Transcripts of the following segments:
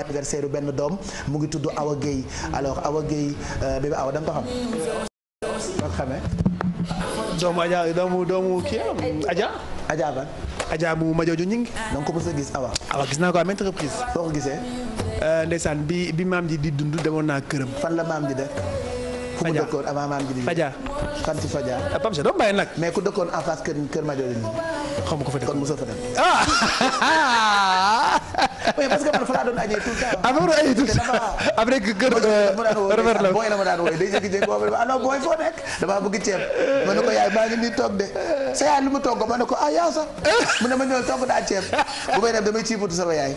anniversaire yu benn doom mu ngi tudd Awa Gueye alors Awa Gueye euh, bébé Awa da nga ko xam doo xamee doomu Adja doomu doomu kii um, Adja Adja ban Adja mu Madiodio Gningue donc ko mos gis Awa Awa gis naa ko à maintes reprises soo ko gisee euh, ndeysaan bi bi maam ji di dund demoon naa këram fan la maam ji de fu mu dëkkoon avant maam ji di Fadia fan ci Fadia ah, Pam bàyyi nag mais ku dëkkoon en face kër kër Madiodio Gningue xam ko fa dëkk kon mosoo fa oui parce que man fa laa doon añee tout le temps. am na ay tout ma ne ko yaay maa ngi toog de sa yaay lu mu togg ma ne ko ah yaa ne ma ñëw togg naa ceeb bu may dem damay ciibutu yaay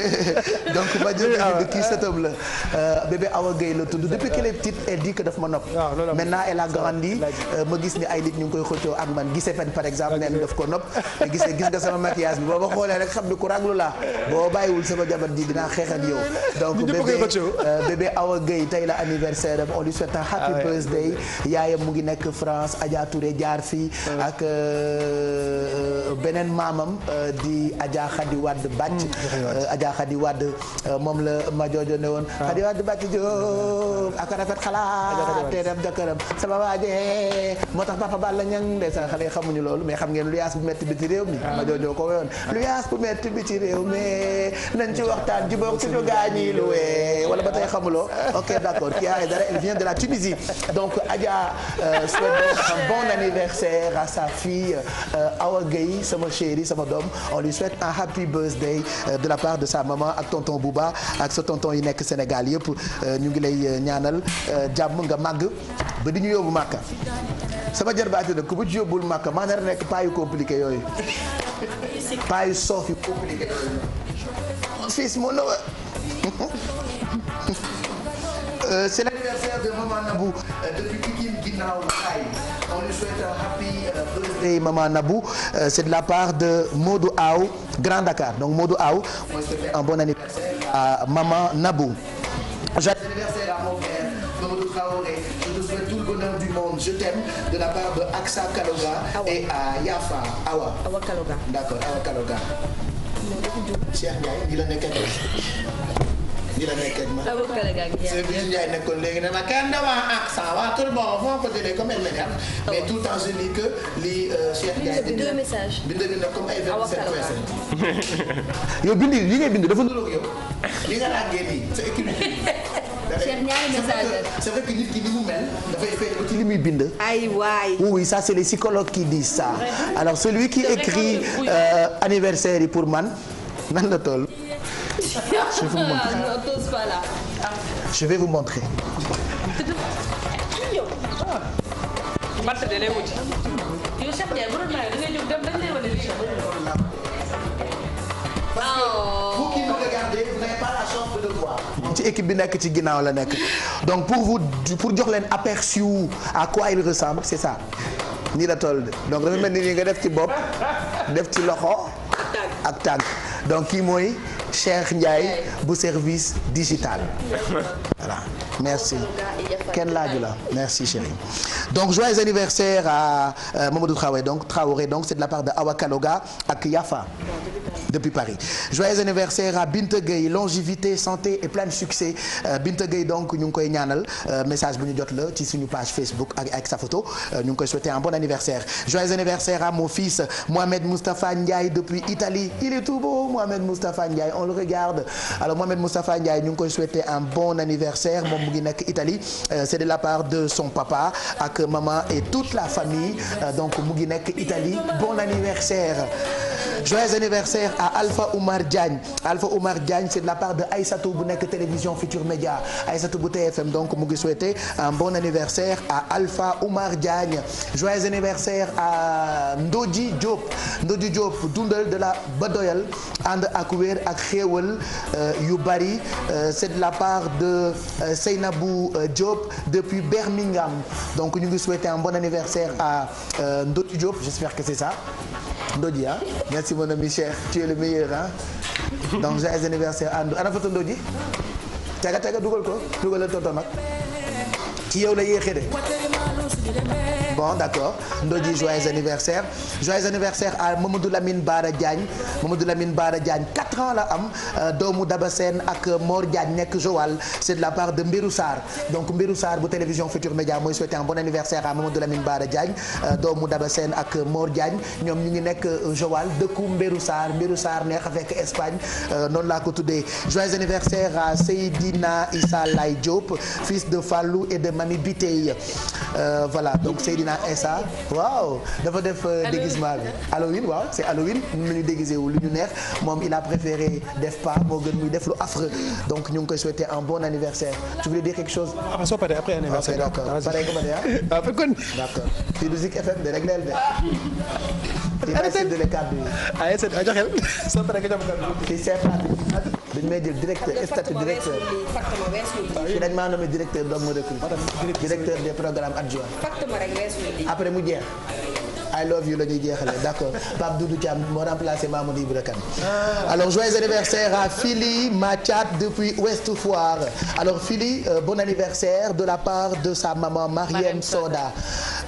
donc ma jël de ah, kii ah. la euh, bébé Awa Gueye la tudd depuis qu'elle est petite ah, euh, ma gis ni ay ñu ngi koy xëccoo ak man gisee fen par exemple neen daf ko nopp te gisee gis nga sama maquillage bi boo ma xoolee rek xam ni ku raglu boo bàyyiwul sama jabar ji dinaa xeex ak yow donc bébé aw euh, Awa Gueye tey la anniversaire am on lui souhaite un ah happy birthday yaayam mu ngi nekk France Adja Touré jaar fii ah. ak euh, euh, beneen maamam di Adja Khadi Wade Bàcc hmm, Adja Khadi Wade moom la ma joojo ne woon ah. Khadi Wade Bàcc Jóob ak rafet xalaat te dem jëkkëram sama waajee moo tax papa Balla ñang ndeysaan xale yi xamuñu loolu mais xam ngeen lu yaas bu metti bi ci réew mi ma joojoo ko woyoon lu yaas bu metti luwee nañ ci waxtaan jubóog suñu gaa ñi luwee wala ba tey xamuloo ok d'accord Kya Aidara elle vient de la Tunisie donc Adja euh, souhaite bon anniversaire à sa fille euh, Awa Gueye sama chérie sama doom on lui souhaite un happy birthday euh, de la part de sa maman ak tonton Bouba ak sa tonton yi nekk Sénégal yëpp ñu ngi lay ñaanal jàmm nga màgg ba di ñu yóbbu Màkka sama jarbaate nag ku bu ci yóbbul maa nar nekk paa yu compliqué yooyu paa yu soof yu compliqué yooyu mon euh. Euh, c'est l'anniversaire de Maman Nabou euh, C'est de la part de Modou Aw, Grand Dakar. Donc Modou Aw, on souhaite un bon anniversaire à Maman Nabou. Joyeux anniversaire à mon père, Mamadou Traoré. Je te souhaite tout le bonheur du à Yafa Awa. Awa non dafa jóg Cheikh Ndiaye di la nekk ak di la nekk ak ma. avocat la gàllankoor yi Cheikh Ndiaye nekkoon léegi ne ma kenn dama ak ça va tout bon on va côté comme elle m'énerve oh. mais tout le temps je dis que li euh, Cheikh Ndiaye. bind deux messages bind bind comme ay vingt sept yow bind li ngay bind dafa nuróog yow li nga laajee nii sa équilibre. Cheikh ñaari message c'est vrai que nit ki ni mu mel dafay feeñ ba ci li muy bind. ay waay oui ça c'est les psychologues qui disent ça. alors celui qui écrit euh, anniversaire yi pour man nan la toll. je vais vous montrer je vais vous montrer. yow Cheikh Ndiaye bu doon mayoo da ngay jóg dem dañ lay wane lii. équipe bi nekk ci ginnaaw la nekk donc pour jox leen aperçu à quoi il ressemble c'est ça nii la toll de donc dafa mel ni nii nga def ci bopp def ci loxo ak tànk donc kii mooy Cheikh Ndiaye bu service digital voilà merci kenn laaju la merci chérie donc joyeux anniversaire à euh, Mamadou Traoré donc Traoré donc c'est de la part de Awa ak Yafa depuis Paris joyeux anniversaire à Binta longévité santé et plein succès euh, Binta donc ñu ngi koy ñaanal euh, message bu ñu jot la ci suñu page Facebook ak sa photo euh, ñu ngi koy souhaiter un bon anniversaire joyeux anniversaire à mon fils Mohamed Moustapha Ndiaye depuis Italie il est tout beau Mohamed Moustapha Ndiaye on le regarde alors Mohamed Moustapha Ndiaye ñu ngi koy souhaiter un bon anniversaire moom mu ngi nekk Italie c'est de la part de son papa ak maman la famille donc mu ngi nekk Italie bon anniversaire joyeux anniversaire à Alpha Oumar Diagne Alpha Oumar Diagne c'est de la part de Aïssatou bu nekk télévision Futur Média Aïssatou bu TFM donc mu ngi souhaiter un bon anniversaire à Alpha Oumar Diagne joyeux anniversaire à Ndodji Diop Ndodji Diop dundal de la Badoyal ànd ak weer ak xéewal euh, yu bari euh, c'est de la part de euh, Seynabou Diop depuis Birmingham donc ñu ngi souhaiter un bon anniversaire à Ndodji Diop j'espère que c'est ça Ndodji ah merci mon ami Cheikh tu es le meilleur ah donc joyeux anniversaire ànd ana foto Ndodji taga taga ko dugal la toto mag ci yow la yéexee de bon d'accord Ndoji joyeux anniversaire joyeux anniversaire à Mamadou Lamine Bara Diagne Mamadou Lamine Bara Diagne 4 ans la am euh, doomu Daba Sène ak Mor Diagne nekk Joal c'est de la part de Mbirou saar donc Mbirou saar bu télévision Futur Média mooy souhaiter un bon anniversaire à Mamadou Lamine Bara Diagne euh, doomu Daba Sène ak Mor Diagne ñoom ñu ngi nekk euh, Joal dëkku Mbirou saar Mbirou saar neex a Espagne noonu laa ko tuddee joyeux anniversaire à Seydina Issa Lay Diop fils de Fallou et de Mami Euh, voilà donc Seydina Essa waaw dafa def euh, déguisement bi Halloween waaw c'est Halloween mën nañu déguisé wu lu ñu neex moom il a préféré def pas moo gën muy def lu affreux donc ñu ngi koy souhaiter un bon anniversaire tu voulais dire quelque chose. ah soo paree après anniversaire. d'accord pare nga ma de ah. d'accord fii du arrêté di la kàddu yi. ah yéen seen a joxeel sant rek jox kàddu yi. fii c'est dañ may jël directeur statut directeur. fii dañ maa nommé directeur doog ma recruté. directeur des programmes adjoint. après mu jeex. la ñuy jeexalee d'accord Pape Doudou Thiam moo remplacé Mamadou Ibra Kane ah. euh, de la part de sa maman Marième Soda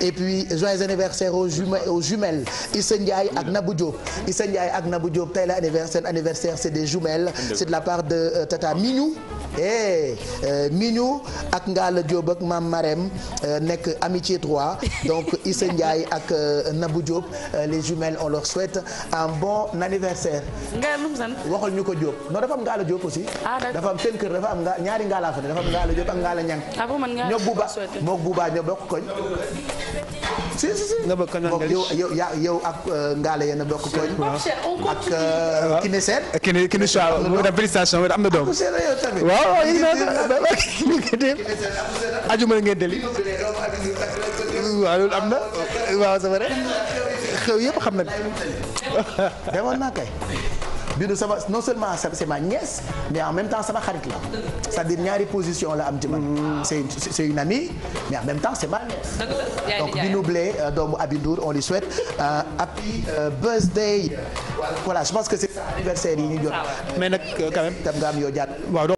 et puis joyeux anniversaire aux jume aux jumelles Issa ak Nabou Diop Issa Ndiaye ak Nabou Diop tey la anniversaire anniversaire c'est des jumelles c'est de la part de euh, Tata Minou eh euh, Minou ak Ngala Diop ak Mame Marème euh, nekk amitié 3 donc Issa Ndiaye ak Nabou Diop euh, les jumelles on leur souhaite un bon anniversaire. Ngaye ñu ko Diop non dafa am Ngalla Diop aussi. ah dafa am seen kër dafa am ñaari Ngalla fa dafa am Ngalla ah ñoo bokk koñ. si si si nga bëgg kañ la yow yow yow ak euh, Ngalla yéen a bokk koñ. ak euh, Kine Sène. Ah, Kine Kine Chouard mu dem félicitation am na doom. waaw waaw a ngi leen di. Kine Sène am na doom. ajuma ngeen deli. waaw loolu am na waaw c'est vrai xew yëpp xam nañu demoon naa kay. Bintu sama non seulement c'est ma nièce mais en même temps sama xarit la cest à ñaari position la am ci man. Mm. c'est une c'est amie mais en même temps c'est ma nièce. donc Bintu Blé euh, doomu Abindour on lui souhaite euh, happy euh, birthday voilà je pense que c'est anniversaire yi ñu ah mais nag quand même tam nga am